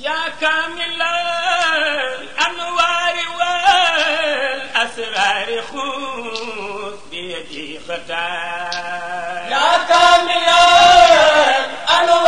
يا كامل الأنوار والأسرار خذ بيدي فتاة يا كامل الأنوار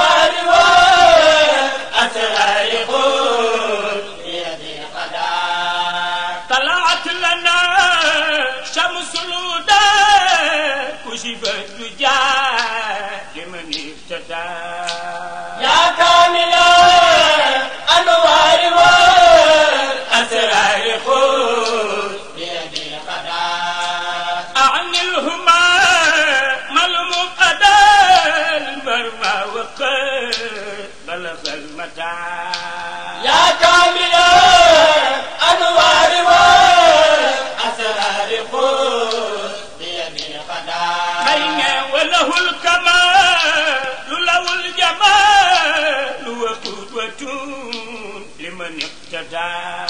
jaa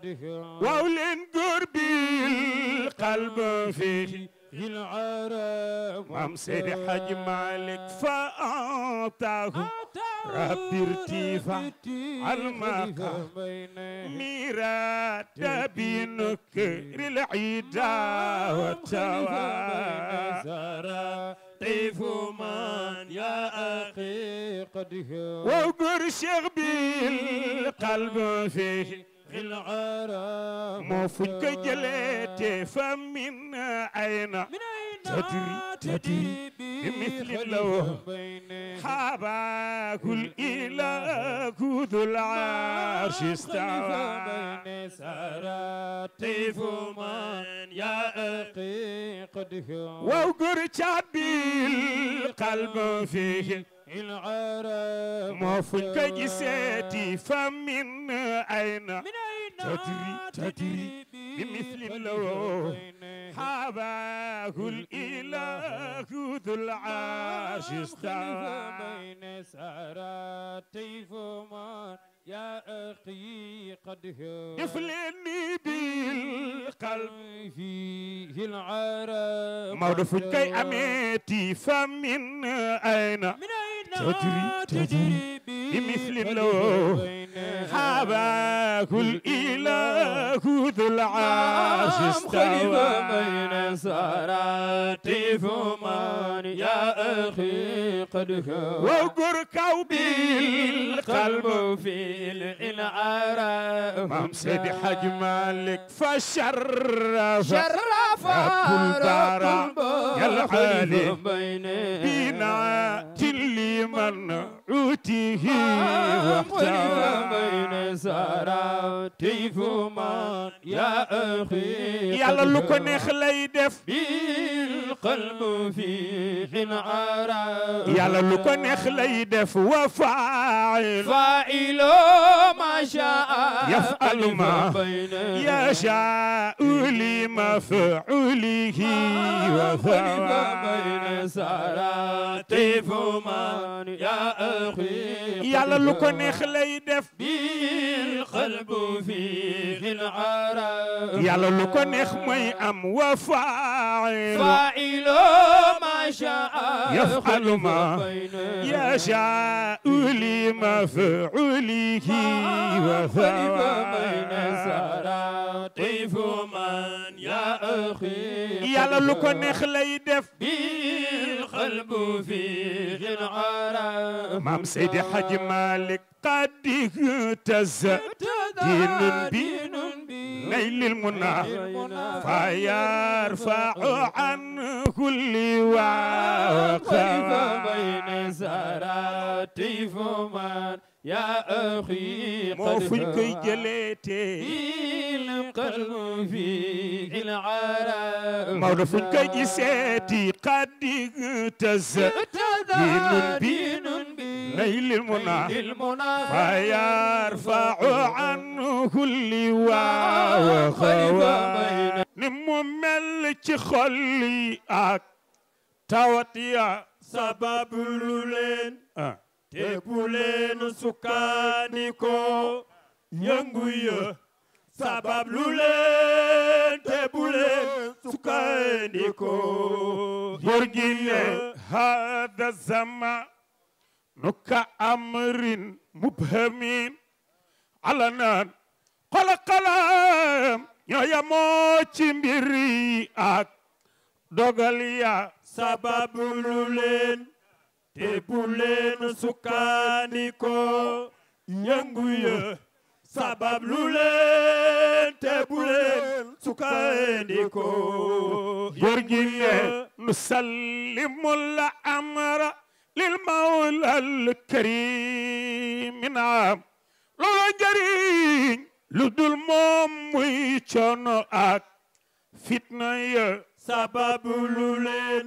waaw leen góor bil qalb fi العرب وامسر حج مالك فأعطاه ربي ارتفاع المقام ميرات بنكر العيدا والتوى طيف من يا أخي قد وقر شيخ بالقلب فيه moo fuñ ko jëlee te fa min ayna tadri tadri bi misli law xaabaakul ila kudul arsh istawa saratifu man ya aqi qadhu waw gur cabil qalb fihi moo fuñ ko giseeti fa min ayna tadri tadri bi mislin law xabaahul ilaahu dul aashistaay يا أخي قد يفلني بالقلب فيه العرب مولى فكي أميتي فمن أين من أين تجري بمثل لو حباه الإله ذو العرش استوى بين سراتي فمان يا أخي قد هو وقرك بالقلب فيه العرب مام سيدي حاج مالك فشرف شرف كل دار يا العالي بنا تلي من عوته واحتوى بين سارة تيفو يا أخي يلا لو كنخ ليدف بيه القلب في حين عرى يلا لو كان يخلي دف وفاعل فاعل ما شاء يفعل ما يشاء لمفعوله وفعل بين سراتي فمان يا أخي يلا لو كان يخلي دف بالقلب في حين عرى يلا لو كان يخمي أم وفاعل فاعل يفعل ما يشاء لمفعوله وثواب طيف من yaa axi yàlla lu ko neex lay def bil xalbu fi xin ara maam Seydi Hadji Malick qad ihtaz dinun bi naylil muna fa yarfa'u an kulli waqif bayna saratifman yaa axi moo fuñ koy jëleete il qalbu fi il aara Maodo fuñ koy giseeti qad taz binun binun نيل المنى فيرفع عنه كل وخوى نم ملك خلي أك توتيا سبب لولين te bu leen sukkandiku yëngu sabab lu leen te bu leen sukkandiku yërgile hada zama nu ka amrin mubhamin alanan xalaqalam ñooya moo ci mbiri ak dogal ya sabab lu leen te bu leen sabab lu leen te bu leen sukkandikoo góor gi ne nu la mawla al karim naam njariñ lu dul moom muy coono ak fitna sabab lu leen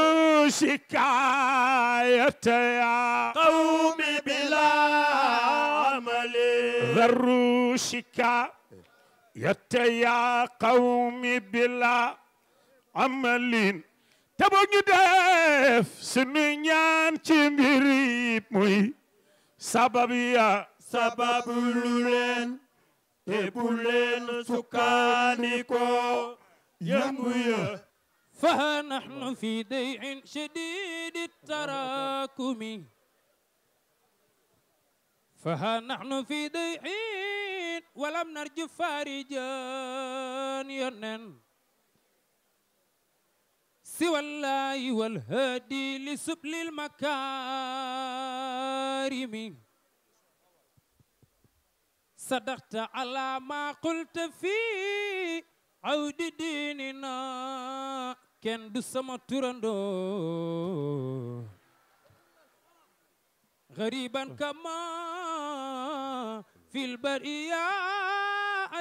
شكاية يا قوم بلا عمل ذروا شكاية يا قوم بلا عمل تبو ديف سنيان تمريب موي سبب يا سبب لولين تبولين سكانيكو يمو فها نحن في ديع شديد التراكم فها نحن في ديع ولم نرج فارجا يرنن سوى الله والهادي لسبل المكارم صدقت على ما قلت في عود ديننا kenn du sama turandoo gariban kama fil bariya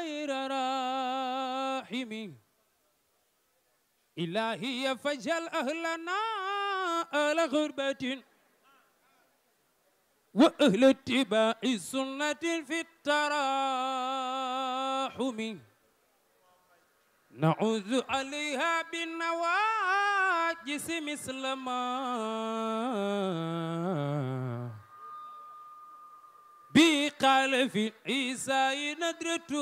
ayra rahimi ilahiya fajal ahlana ala ghurbatin wa ahla tibai sunnatin fi tarahumi na عليها بالنواجس مثل ما bi qaala fi isa yi nadratu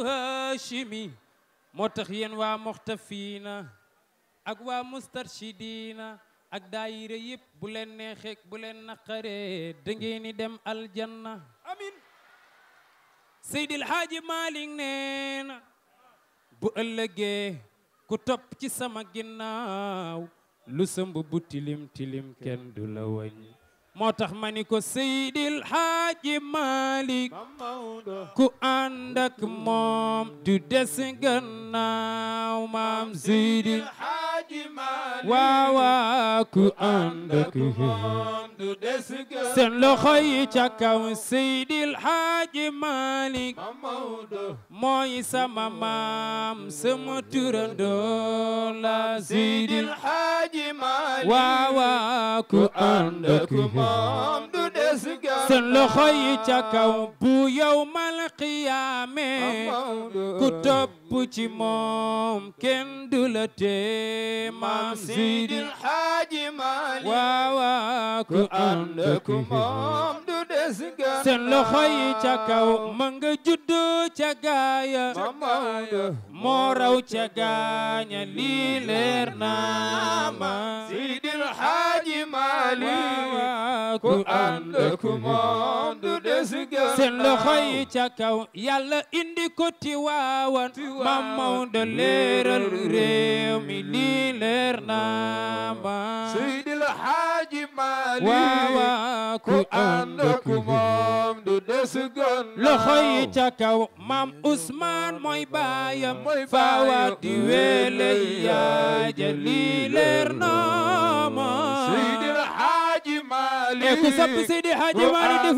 moo tax yéen waa moxtafiina ak waa mustarshidina ak daayira yëpp bu leen neexeek bu leen dem aljanna amin seydil haaji maalik nee bu ëllëgee ku topp ci sama ginnaaw lu sëmb bu tilim tilim kenn du la wàññi moo tax ma ni ko Seydil Haaji Malik ku ànd moom du des gannaaw maam Seydil Haaji Malik waawa ku ànd ak moom du des gannaaw seen loxo yi ca Malik mooy sama maam sama turandoo la Seydil Haaji Malik waawa ku ànd ak moom sun loxo yi ca kaw bu yawmal qiyaame ku topp ci moom kenn du la tee maam Seydil Haaji Maalik waawa ku ànd ak moom seen loxo yi ca kaw ma nga judd ca gaaya moo raw ca gaaña lii leer naa ma Sidil Haaji Maalik ku ànd ku moom des gën seen loxo yi ca kaw yàlla indi ko Tiwaawan ma Maodo leeral réew mi lii leer naa ma Sidil ji maali ku ànd moom du des gon loxo yi ca kaw maam Ousmane mooy baayam faawa di weele yaa ja lii maali ku sopp Seydi Hadji Malick ni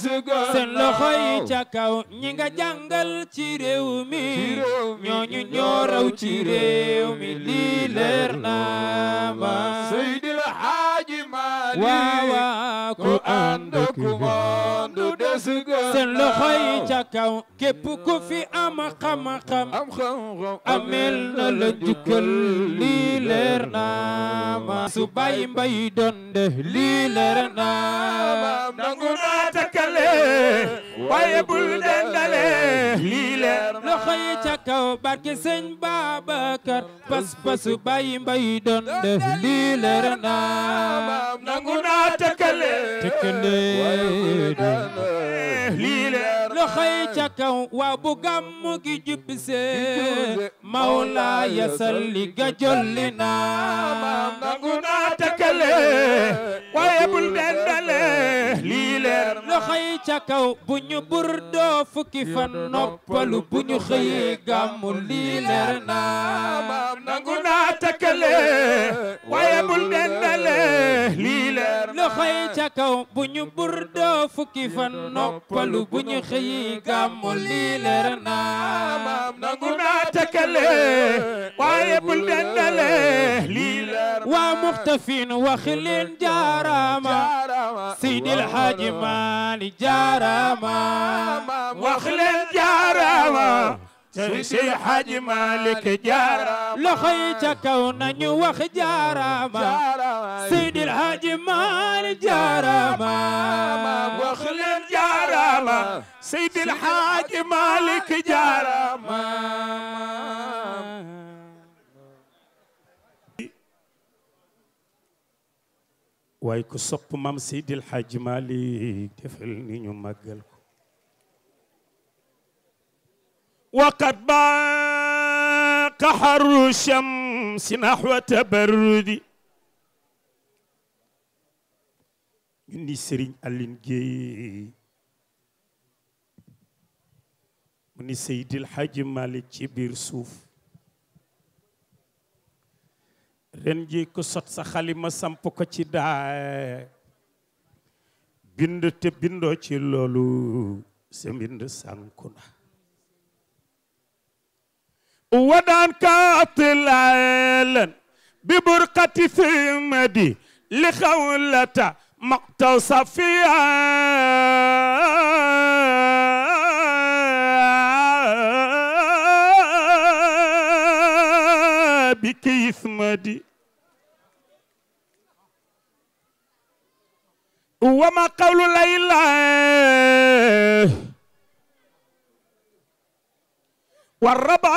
seen loxo yi ca kaw ñi nga jàngal ci réew mi ñooñu ñoo ci réew mi lii leer na ma waawa ku ànd ku moondu des ga seen loxo ca kaw képp ku fi am xam-xam amel na la jukkal lii leer naa ma su bàyyi mbay donde lii leer naa ma nangu naa waaye bul dendale lii leer loxo yi ca kaw barke sëñ Babacar pas pasu bàyyi mbay doon def lii leer na nangu naa tëkkale tëkkale lii leer loxo yi ca kaw waa bu gàmmu gi jubbisee mawla ya salli ga jolli na nangu naa tëkkale waaye bul dendale lii leer loxo yi ca kaw bu ñu burdoo fukki fan noppalu bu ñu xëyee gàmmu lii leer naa nangu naa takkale waaye bul bul dendale lii waa muxtafin wax leen jaaraama Seydil Haaji Maalik jaaraama jaaraama wax leen jaaraama sëriñ si Xaaji Malik jaaraama loxo yi ca kaw nañu wax jaaraama Seydil Xaaji Malik jaaraama wax leen jaaraama Seydil Xaaji Malik jaaraama waaye ku sopp maam Seydil Xaaji Malik defal ni ñu màggal وقد باق حر الشمس نحو تبرد ni Serigne Aline Gueye mu ni Seydil Hadji Malick ci biir suuf ren ji ku sot sa xalima samp ko ci daa bind te bindoo ci loolu sa mbind sànku na ودان كاطل عيلا ببرقة ثمدي لخولة مقتص فيها بكيث مدي وما قول ليلى والرباب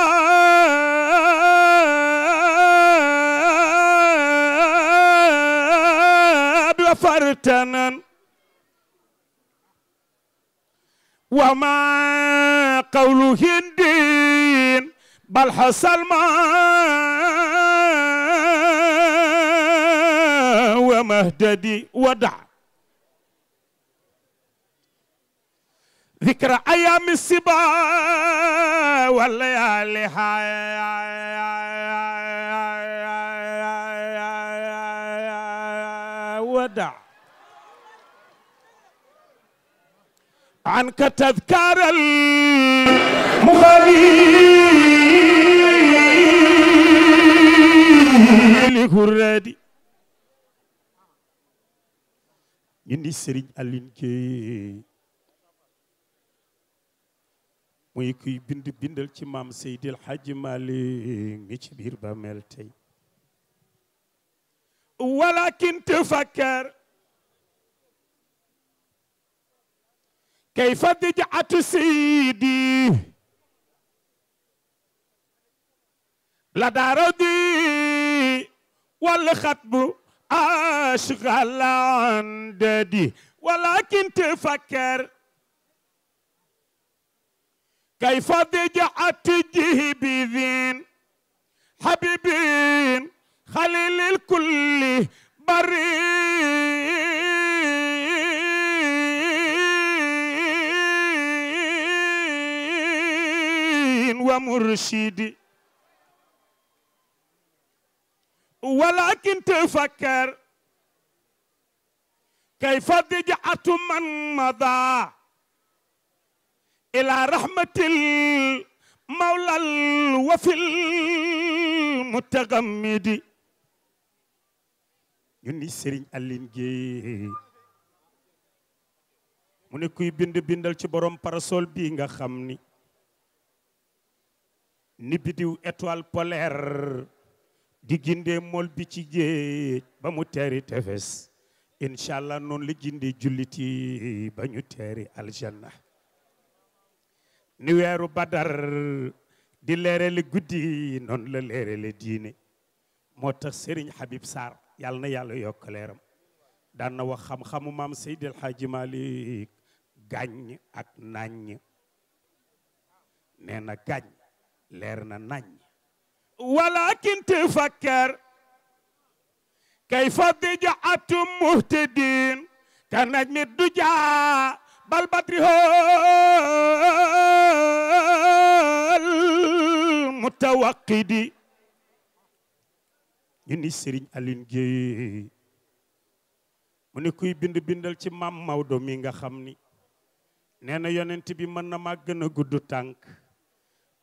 وفرتنا وما قول هندين بل حصل ما ومهددي ودع ذكرى أيام السبا والليالي ودع عنك تذكار المغالي كرادي يندي سرين ألين كي muy kuy bind bindal ci maam Seydil Hadji Mali ngi ci biir ba mel tey walakin tafakkar kayfa dijatu seydi la daarodi wal xatbu ashgalan dadi walakin tafakkar كيف ضجعت جهبذين حبيبين خليل الكل برين ومرشدي ولكن تفكر كيف ضجعت من مضى ila rahmatil mawlal wafil mutagammidi ñu ni Serigne Aline Gueye mu ne kuy bind bindal ci borom parasol bii nga xam ni ni bidiw étoile polaire di gindee mool bi ci géej ba mu teeri tefes incha allah noonu la gindee julliti ba ñu teeri aljanna ni weeru badar di leere le guddi noonu la leere le diine moo tax Serigne Habib Sarr yàlla na yàlla yokk leeram na wax xam-xamu maam Seydi El Hadji Malick gàññ ak naññ nee na gàññ leer na naññ walakin tafakkar kayfa dijaatum muhtadin ka najmi dujaa bal badrihol mutawaqidi ñu ni Serigne Aline Gueye mu ni kuy bind bindal ci maam Maodo mi nga xam ni nee na yonent bi mën na maa gën a gudd tànk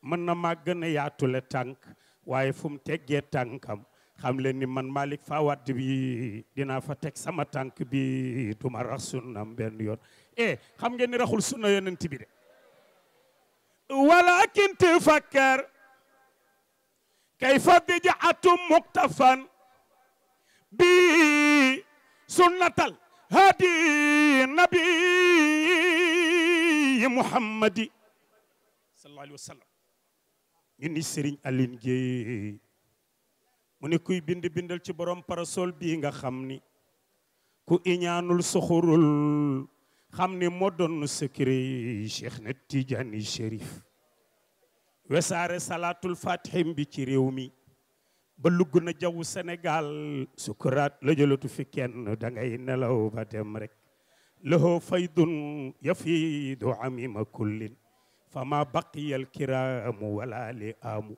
mën na maa gën yaatule tànk waaye fu mu teggee tànkam xam leen ni man Malick Fawad bi dinaa fa teg sama tànk bi duma rax sunnam benn yoon eh xam ngeen ni raxul sunna yonent bi de walakin tafakkar kayfa bid'atun muktafan bi sunnatal hadi nabi muhammadi sallallahu alayhi wa sallam ni Serigne Aline Gueye mu ne kuy bind bindal ci borom parasol bii nga xam ni ku iñaanul soxorul xam ni moo doon secret Cheikh na Tidiane Chérif wesaare salaatul fatihim bi ci réew mi ba lugg na jaww Sénégal sukuraat la jëlatu fi kenn da ngay nelaw ba dem rek lahoo faydun yafiidu amima kullin fama baqiyal kiraamu wala li amu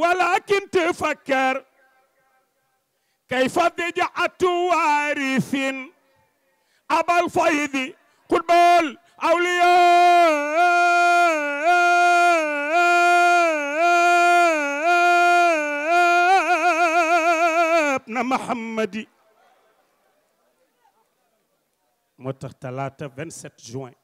walakin tafakkar kayfa dija atu waarifin أبا الفيض قطب الأولياء ابن محمد moo juin talaata 27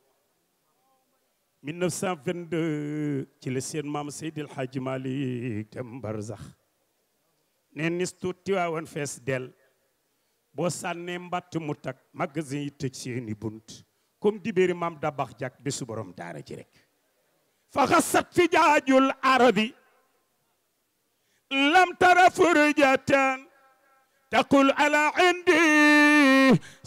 vingt 1922 ci la seen maam Seydil Hadji Malick dem barzax ne nis tuut fees del boo sànnee mbatt mu takk magasin yi tëj seeni bunt comme dibéeri maam dabax jak bésu borom daara ji rek fa xasat fi jaajul arabi lam tara furjatan taqul ala indi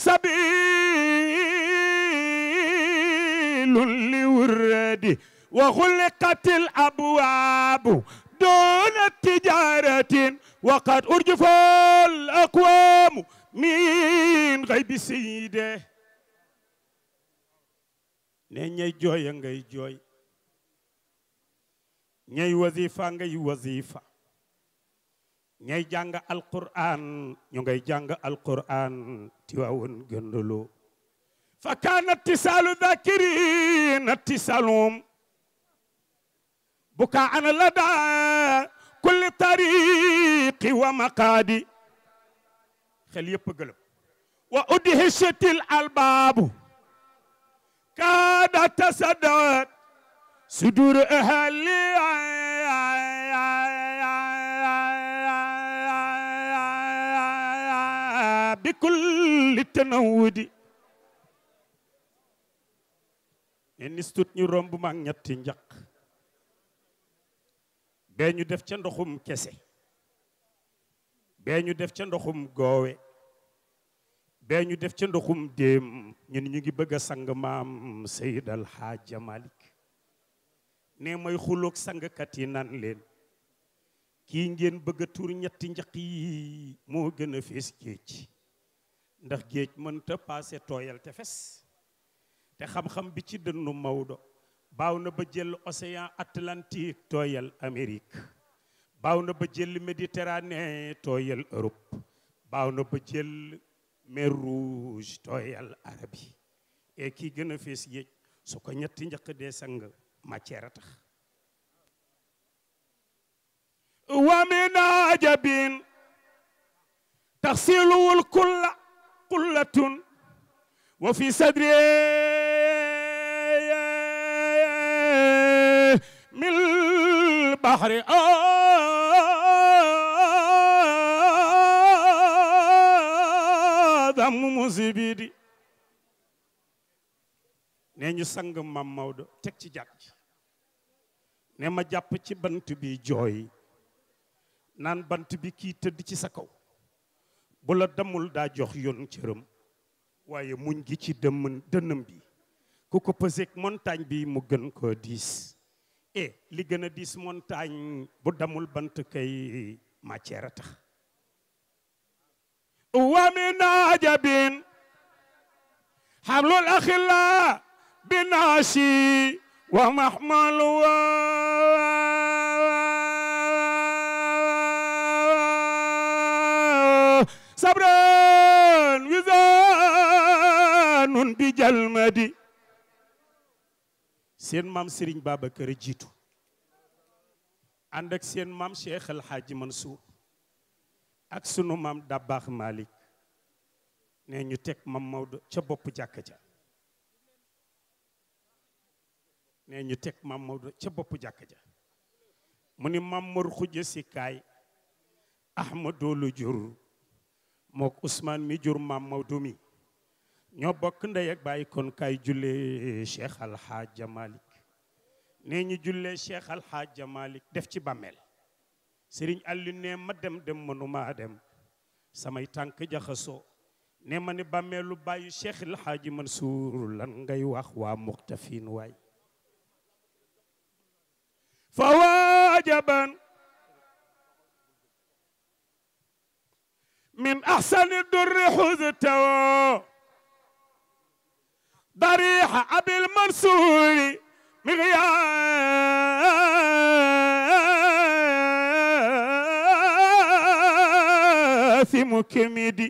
sabilun li wurradi wa xuliqatil abwaabu doona tijaratin waqad urjufal aqwaamu min xëy bi siyidee ne ñay jooy ngay jooy ñay wazifa ngay wazifa ñay jàng alquran ñu ngay jàng alquran fa kaana tisaalu daakirina tisaalum bukaa ana la daa kulli wa maqaadi xel yépp gëlëm wa uddi hishatil albaabu kaada tasaddat sudur ahli bi kulli tanawudi ne nistut ñu romb maag ñetti njaq bee ñu def ca ndoxum kese bee ñu def ca ndoxum goowe bee ñu def ca ndoxum déem ñun ñu ngi bëgg a sang maam Seyd Alxaaja Malik ne may xuloog sangkat yi nan leen kii ngeen bëgg tuur ñetti njaq yi moo gën a fees géej ndax geej mënta paase tooyal te fes te xam-xam bi ci dënnu Maodo baaw na ba jël océan Atlantique tooyal Amérique baaw na ba jël Méditerranée tooyal Europe baaw na ba jël mer Rouge tooyal arabi et kii gën fees yéeg su ñetti njëkk dee sang matière a tax wamina ajabin taxsiluwul kulla kullatun wa fi sadri mil bahri sàmmmu si bii di nee ñu sang mam Maodo teg ci jàkk ji ne ma jàpp ci bant bi jooy naan bant bi kii tëdd ci sa kaw bu la demul daa jox yoon cëram waaye muñ gi ci dëmm dënnam bi ku ko pëseeg montagne bi mu gën koo diis e li gën a diis montagne bu damul bant kay matière a tax ومن عجب حمل الأخلاء بالناسي ومحمل صبر وزان بجلمدي seen maam Serigne Babacar jiitu ànd ak seen maam Cheikh El Hadji Mansour ak sunu maam Dabbaax Malick ne ñu teg mam Maodo ca bopp jàkka ja ne ñu teg mam Maodo ca boppu jàkka ja mu ni mam Mor Xuja si kaay Ahmadou lu jur mook Ousmane mi jur mam Maodo mi ñoo bokk ndey ak bàyyi kon kaay jullee Cheikh Alhaaja Malick ne ñu jullee Cheikh Alhaaja Malick def ci bàmmeel sëriñ Aliou ne dem dem mënumaa dem samay tànk jaxasoo ne ma ni bàmmeelu bàyyu Cheikh El Hadji Mansour lan ngay wax waa muxtafin waay fa waajaban min ahsani durri xuztawo dariixa abil mansuuri migyaan مكمدي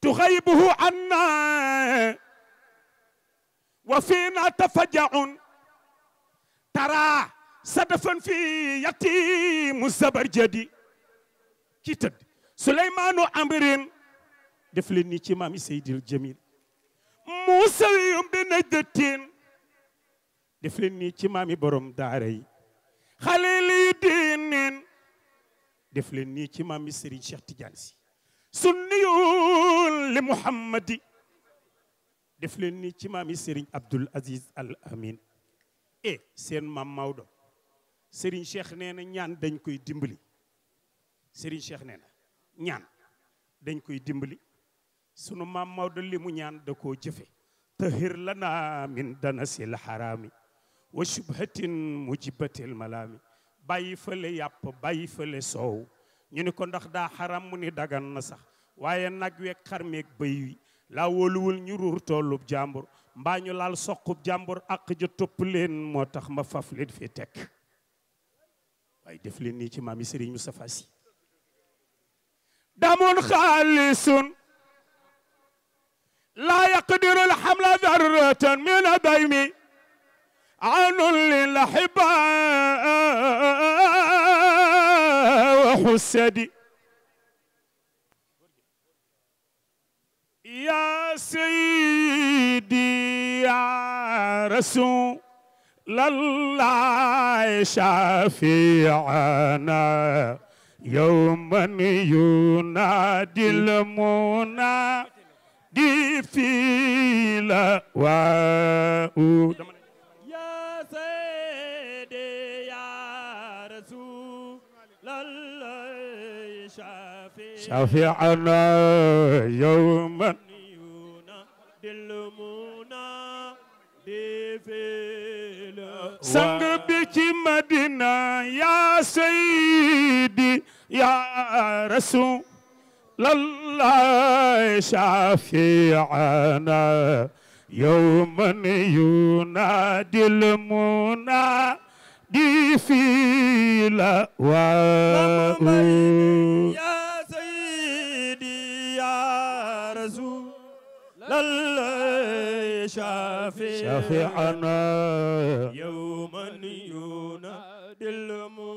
تغيبه عنا وفينا تفجع ترى صدفا في يتيم الزبرجدي ki tëdd suleymaanu amrin def leen ni ci maami seydil jamil muusawiyum bi najdatin def leen ni ci maami borom daara yi xale def leen nii ci maam yi Serigne Cheikh Tidiane si sunniyul li muhammadi def leen nii ci maam yi Serigne Abdoul Aziz Al Amin e seen maam Maodo Serigne Cheikh nee na ñaan dañ koy dimbali Serigne Cheikh nee ñaan dañ koy dimbali sunu maam Maodo li mu ñaan da koo jëfe tahir lana min danasil harami wa shubhatin mujibatil malami bàyyi fële yàpp bàyyi fële soow ñu ni ko ndax daa xaram mu ni daga na sax waaye nag weeg xar meeg bëy wi laa wóoluwul ñu ruur tollub jàmbur mbaa ñu laal soqub jàmbur ak ja topp leen moo tax ma faf leen fi tekk waaye def leen ni ci maam yi Serigne Moustapha Sy damun xaalisun laa yaqdiru lxamla darratan min adaymi anul lil xibaar الحسد يا سيدي يا رسول الله شفيعنا يوما ينادي المنادي في لواء شفيعنا يوما بالمنى sang bi ci Madina ya Sayyidi ya Rasul الله شفيعنا يوما ينادي المنادي في الأواء شافعنا يوما ينادي